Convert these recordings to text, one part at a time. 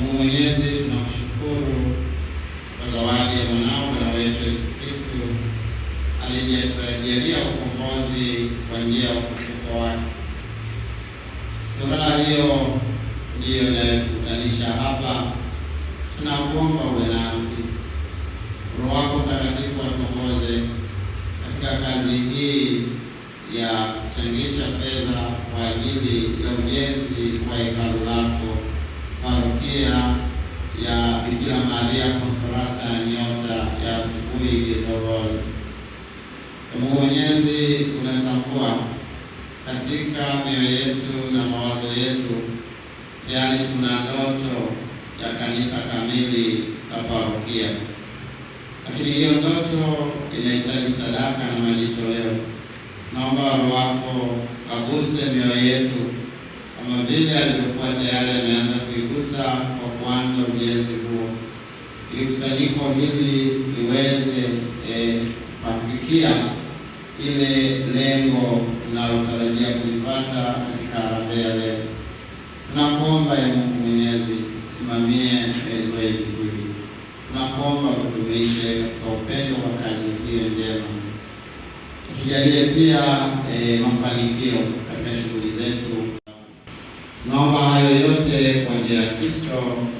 Mungu Mwenyezi, tunakushukuru kwa zawadi ya mwanao Bwana wetu Yesu Kristo aliyetujalia ukombozi kwa njia ya ufufuko wake. Furaha hiyo ndiyo inayokutanisha hapa. Tunakuomba uwe nasi, Roho wako Mtakatifu atuongoze katika kazi hii ya kuchangisha fedha kwa ajili ya ujenzi wa hekalu lako parokia ya Bikira Maria Konsolata ya nyota ya asubuhi Gezaulole. Mungu Mwenyezi, unatambua katika mioyo yetu na mawazo yetu, tayari tuna ndoto ya kanisa kamili la parokia, lakini hiyo ndoto inahitaji sadaka na majitoleo. Naomba Roho wako aguse mioyo yetu kama vile alivyokuwa tayari ameanza kuigusa kwa kuanza ujenzi huo, ili kusanyiko hili liweze eh, kufikia eh, ile lengo linalotarajia kulipata katika harambee ya leo. Tunakuomba ya Mungu Mwenyezi usimamie eh, zoezi hili, tunakuomba utudumishe katika upendo wa kazi hiyo njema, tujalie pia eh, mafanikio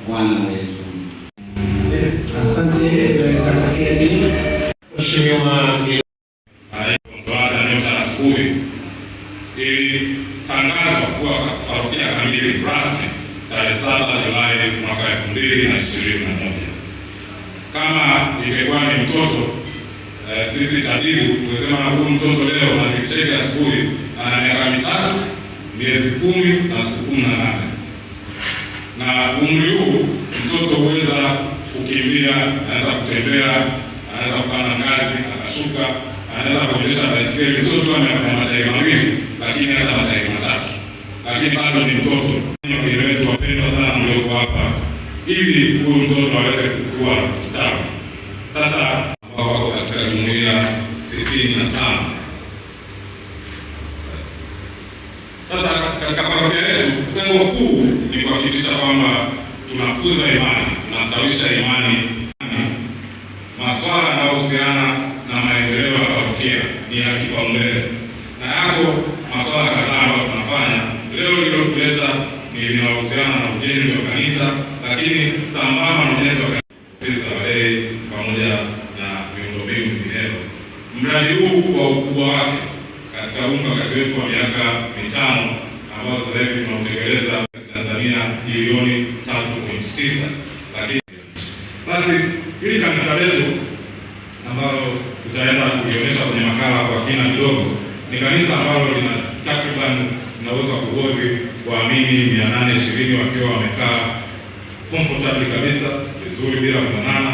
Bwana wetu. Asante Mheshimiwa Mtaasukumi, ilitangazwa kuwa parokia kamili rasmi tarehe 7 Julai mwaka elfu na 2021. Kama ingekuwa ni mtoto eh, sisi tabibu tumesema huyu mtoto leo anacheki asubuhi ana miaka mitatu miezi kumi na siku kumi na nane na umri huu mtoto huweza kukimbia, anaweza kutembea, anaweza kupanda ngazi akashuka, anaweza kuendesha baiskeli, sio tu ana matairi mawili, lakini hata matairi matatu, lakini bado ni mtoto. Wageni wetu wapendwa sana mlioko hapa, ili huyu mtoto aweze kukua ustawi. Sasa na maendeleo ya kutokea ni ya kipaumbele, na yako masuala kadhaa ambayo tunafanya leo lililotuleta ni linalohusiana na ujenzi wa kanisa, lakini sambamba na ujenzi wa kanisa walei pamoja na miundombinu mingineyo. Mradi huu kwa ukubwa wake katika huu mkakati wetu wa miaka mitano ambao sasa hivi tunautekeleza Tanzania bilioni 3.9 lakini basi ili kanisa letu ambalo tutaenda kulionyesha kwenye makala kwa kina kidogo, ni kanisa ambalo lina takriban naweza kuhoji waamini mia nane ishirini wakiwa wamekaa comfortably kabisa vizuri bila kuonana,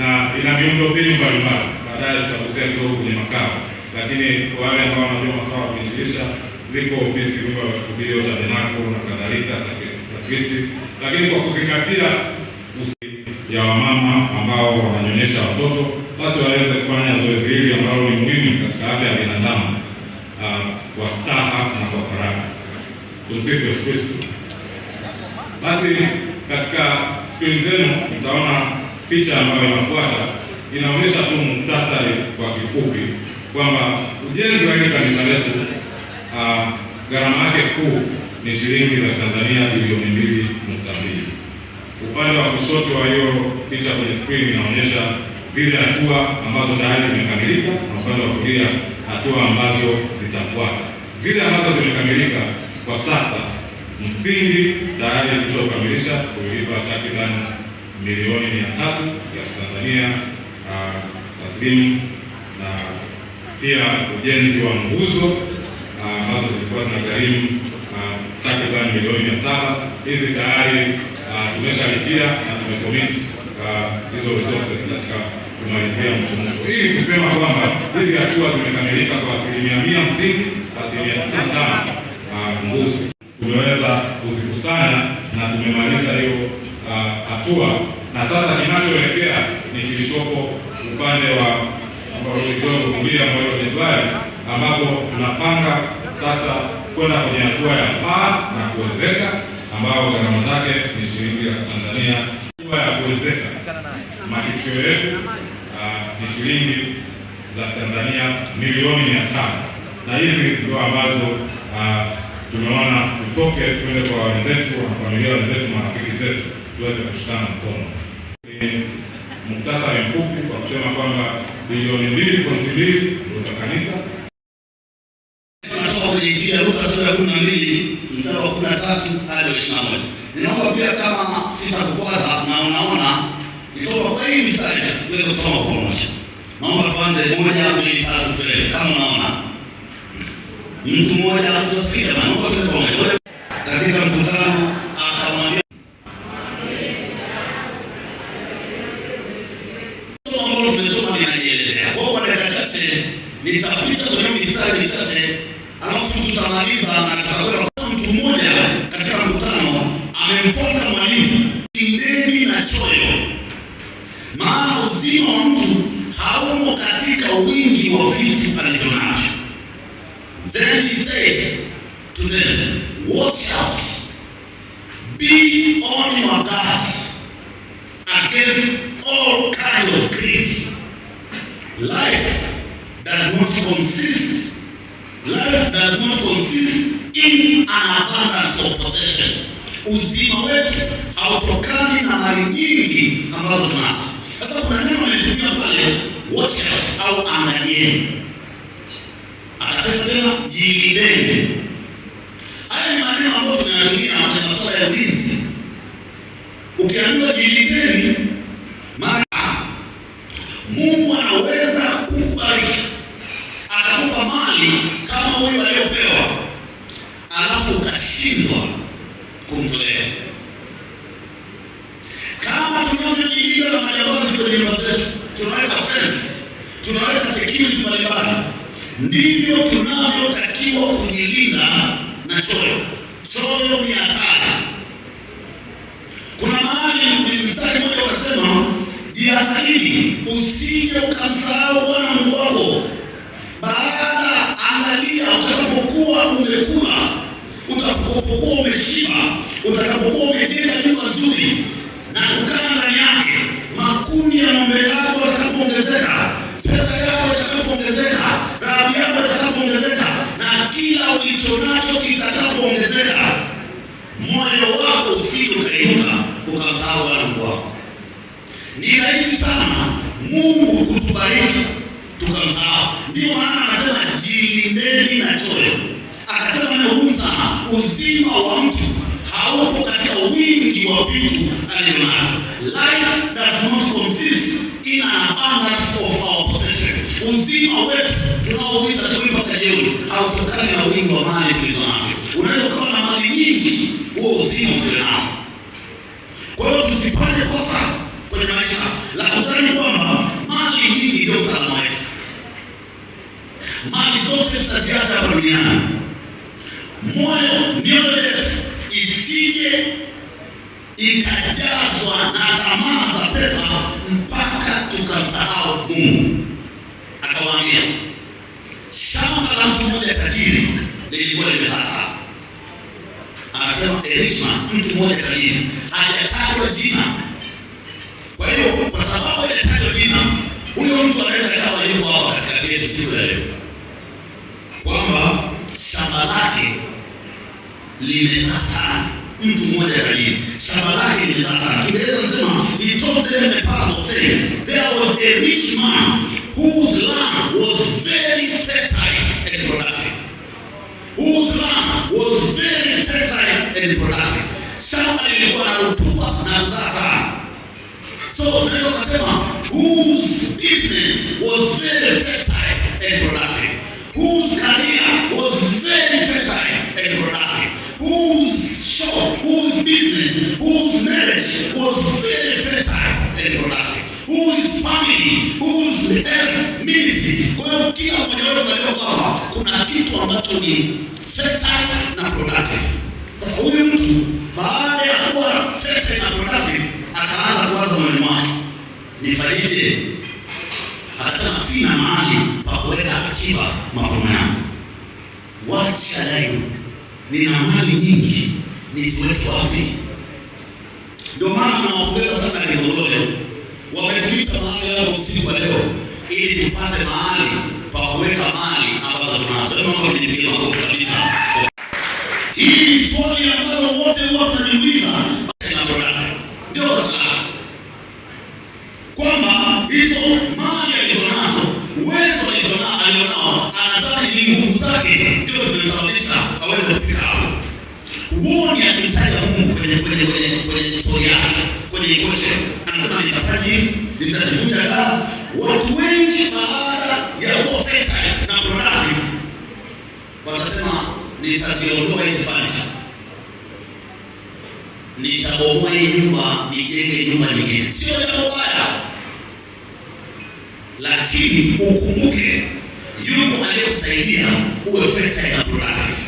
na ina miundo mbinu mbalimbali. Baadaye tutagusia kidogo kwenye makala, lakini wale ambao wanajua masuala ya kuinjilisha, ziko ofisi, nyumba ya kuhubiri, tabernakulo na kadhalika, sakristi, lakini kwa kuzingatia ya wamama ambao wananyonyesha watoto basi waweze kufanya zoezi hili ambalo ni muhimu katika afya ya binadamu ah, kwa staha na kwa faraha Tumsifu Yesu Kristo. Basi katika skrini zenu mtaona picha ambayo inafuata inaonyesha tu muhtasari kwa kifupi kwamba ujenzi wa hili kanisa letu uh, gharama yake kuu ni shilingi za Tanzania bilioni mbili nukta mbili. Upande wa kushoto wa hiyo picha kwenye skrini inaonyesha zile hatua ambazo tayari zimekamilika na upande wa kulia hatua ambazo zitafuata. Zile ambazo zimekamilika kwa sasa, msingi tayari tulishokamilisha kulipa takriban milioni mia tatu ya Tanzania ah, taslimu na pia ujenzi wa nguzo ah, ambazo zilikuwa zina gharimu ah, takriban milioni mia saba hizi tayari tumeshalipia na tumecommit hizo resources katika kumalizia mshumuko, ili kusema kwamba hizi hatua zimekamilika kwa asilimia mia hamsini asilimia tisini na tano mbuzi tumeweza kuzikusanya na tumemaliza hiyo ah, hatua, na sasa kinachoelekea ni kilichopo upande wa kidogo kulia mwa jedwali, ambapo tunapanga sasa kwenda kwenye hatua ya paa na kuwezeka, ambayo gharama zake ni shilingi ya Tanzania hatua ya kuwezeka makisio yetu ah, ni shilingi za Tanzania milioni mia tano na hizi ndio ambazo ah, tumeona tutoke twende kwa wenzetu na familia wenzetu, marafiki zetu, tuweze kushikana mkono. Muktasari mfupi kwa kusema kwamba bilioni mbili pointi mbili ndio za kanisa kutoka kwenye Injili ya Luka sura ya kumi na mbili mstari wa kumi na tatu hadi ishirini na moja. Ninaomba pia kama sitakukwaza na unaona nitoka kwa hii mstari tuweze kusoma kwa pamoja. Naomba tuanze moja, mbili, tatu, tuelewe kama unaona. Mtu mmoja asiwasikia, naomba tuende pamoja. Katika mkutano katika wingi wa vitu alivyonavyo. Then he says to them, watch out, be on your guard against all kind of greed. Life does not consist Life does not consist in an abundance of possession. Uzima wetu hautokani na mali nyingi ambazo tunazo. Sasa kuna Ukienda pale watch out au angalieni. Akasema tena jilindeni. Haya ni maneno ambayo tunayatumia kwenye masuala ya ulinzi. Ukiambiwa jilindeni, maana Mungu anaweza kukubariki atakupa mali kama huyo aliyopewa, alafu ukashindwa kumtolea. Kama tunavyojilinda na majambazi kwenye nyumba zetu tunaweka fence, tunaweka security mbalimbali. Ndivyo tunavyotakiwa kujilinda na choyo. Choyo ni hatari. Kuna mahali mstari mmoja unasema, jihadharini usije ukamsahau Bwana Mungu wako. Baada angalia, utakapokuwa umekula, utakapokuwa umeshiba, utakapokuwa umejenga nyumba nzuri na kukaa ndani yake, makundi ya ng'ombe Mungu kutubariki tukamsahau. Ndio maana anasema jilindeni na choyo, akasema neno gumu sana, uzima wa mtu haupo katika wingi wa vitu alivyonavyo. Life does not consist in an abundance of our possession. Uzima wetu tunaouliza stori mpaka jeuri hautokani na wingi wa mali tulizo navyo. Unaweza ukawa na mali nyingi, huo uzima usio nao. Kwa hiyo tusifanye kosa duniani. Moyo ndio mioyo isije ikajazwa na tamaa za pesa mpaka tukamsahau Mungu. Akawaambia, shamba la mtu mmoja tajiri lilikuwa limezaa sana. Anasema Elishma, mtu mmoja tajiri, hajatajwa jina. Kwa hiyo kwa sababu hajatajwa jina, huyo mtu anaweza kawa yuko hapa katikati yetu siku ya leo kwamba shamba lake limezaa sana. Mtu mmoja kalia, shamba lake limezaa sana. Kiingereza nasema he told them the parable saying there was a rich man whose land was very fertile and productive, whose land was very fertile and productive. Shamba lilikuwa na rutuba na kuzaa sana. So tunaweza kusema whose business was very fertile business was very, fertile and productive. Whose family, whose health, ministry. Kwa hiyo kila mmoja wetu walio hapa kuna kitu ambacho ni fertile na productive. Sasa huyu mtu baada ya kuwa fertile na productive akaanza kuwaza moyoni mwake, nifanyeje? Akasema sina mahali pa kuweka akiba mavuno yangu. What shall I do? Nina mali nyingi, nisiweke wapi? Ndio maana tunawaombea sana Izolole, wametupita mahali hapa usiku wa leo ili tupate mahali pa kuweka mali ambazo tunasema kinipiga makofi kabisa. Hii ni swali ambalo wote huwa tunajiuliza kwamba hizo mali alizonazo uwezo alizonao alionao anadhani ni nguvu zake ndio aweze kufika hapo. Huoni akimtaja Mungu kwenye kwenye kwenye historia kwenye Ikoshe, anasema nitafanya hivi, nitazivuta daa. Watu wengi baada ya kuwa fertile na productive wakasema nitaziondoa hizi furniture, nitabomoa hii nyumba, nijenge nyumba nyingine. Sio jambo baya, lakini ukumbuke yuko aliyekusaidia uwe fertile na productive.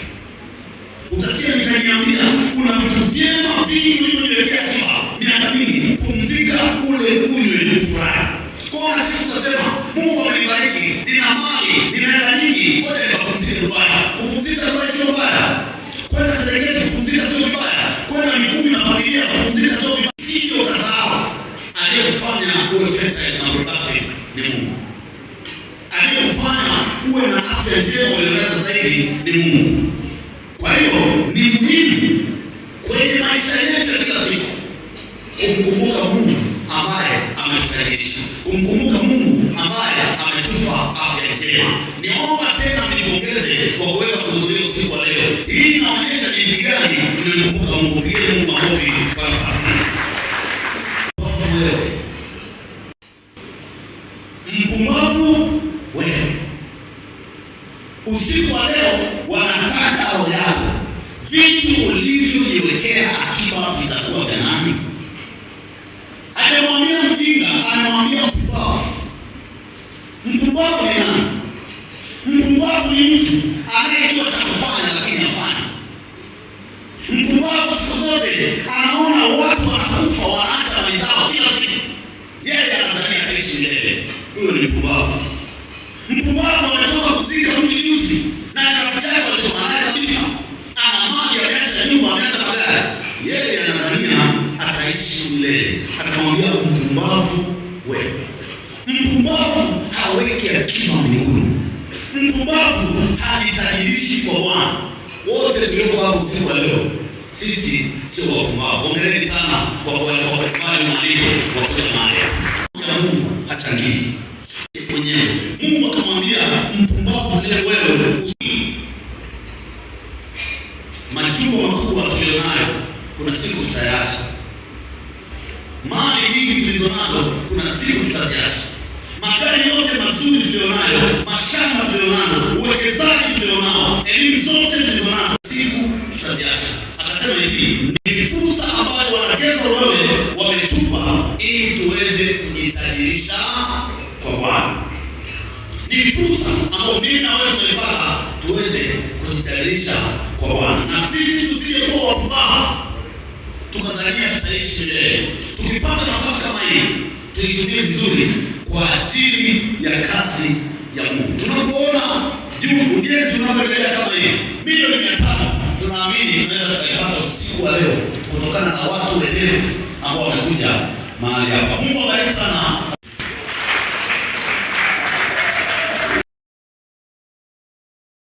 Utasikia nitaniambia kuna vitu vyema ikumi ulinifurahi kwa na sisi tunasema Mungu amenibariki, nina mali, ninaenda nyingi, ngoja nikapumzike Dubai. Kupumzika Dubai sio mbaya, kwenda Serengeti kupumzika sio vibaya, kwenda Mikumi na familia kupumzika sio vibaya. Sije ukasahau aliyefanya uwe fertile na productive ni Mungu, aliyefanya uwe na afya njema uliongeza zaidi ni Mungu. Kwa hiyo ni muhimu Todo el mundo muy para así. yeye anaona watu wanakufa wanaacha wenzao kila siku, yeye anazania ataishi milele. Huyo ni mpumbavu. Mpumbavu ametoka kuzika mtu juzi na rafiki yake alisoma naye kabisa, ana mali, ameacha nyumba, ameacha magari, yeye anazania ataishi milele. Atakwambia mpumbavu wewe. Mpumbavu haweki hekima mbinguni. Mpumbavu hajitahirishi kwa Bwana. Wote tulioko hapo usiku wa leo sisi sio wapumbavu. Hongereni sana kwa kukubali maandiko, kuja mahali ya Mungu hachangii mwenyewe. Mungu akamwambia mpumbavu leo wewe. Majumba makubwa tulionayo kuna siku tutayaacha, mali nyingi tulizonazo kuna siku tutaziacha, magari yote mazuri tulionayo, mashamba tulionayo, uwekezaji tulionao, elimu zote nazo tukatarajia tutaishi milele. Tukipata nafasi kama hii, tuitumie vizuri kwa ajili ya kazi ya Mungu. Tunapoona juu ujenzi unavyoendelea kama hii, milioni mia tano tunaamini tunaweza tukaipata usiku wa leo, kutokana na watu werevu ambao wamekuja mahali hapa. Mungu awabariki sana.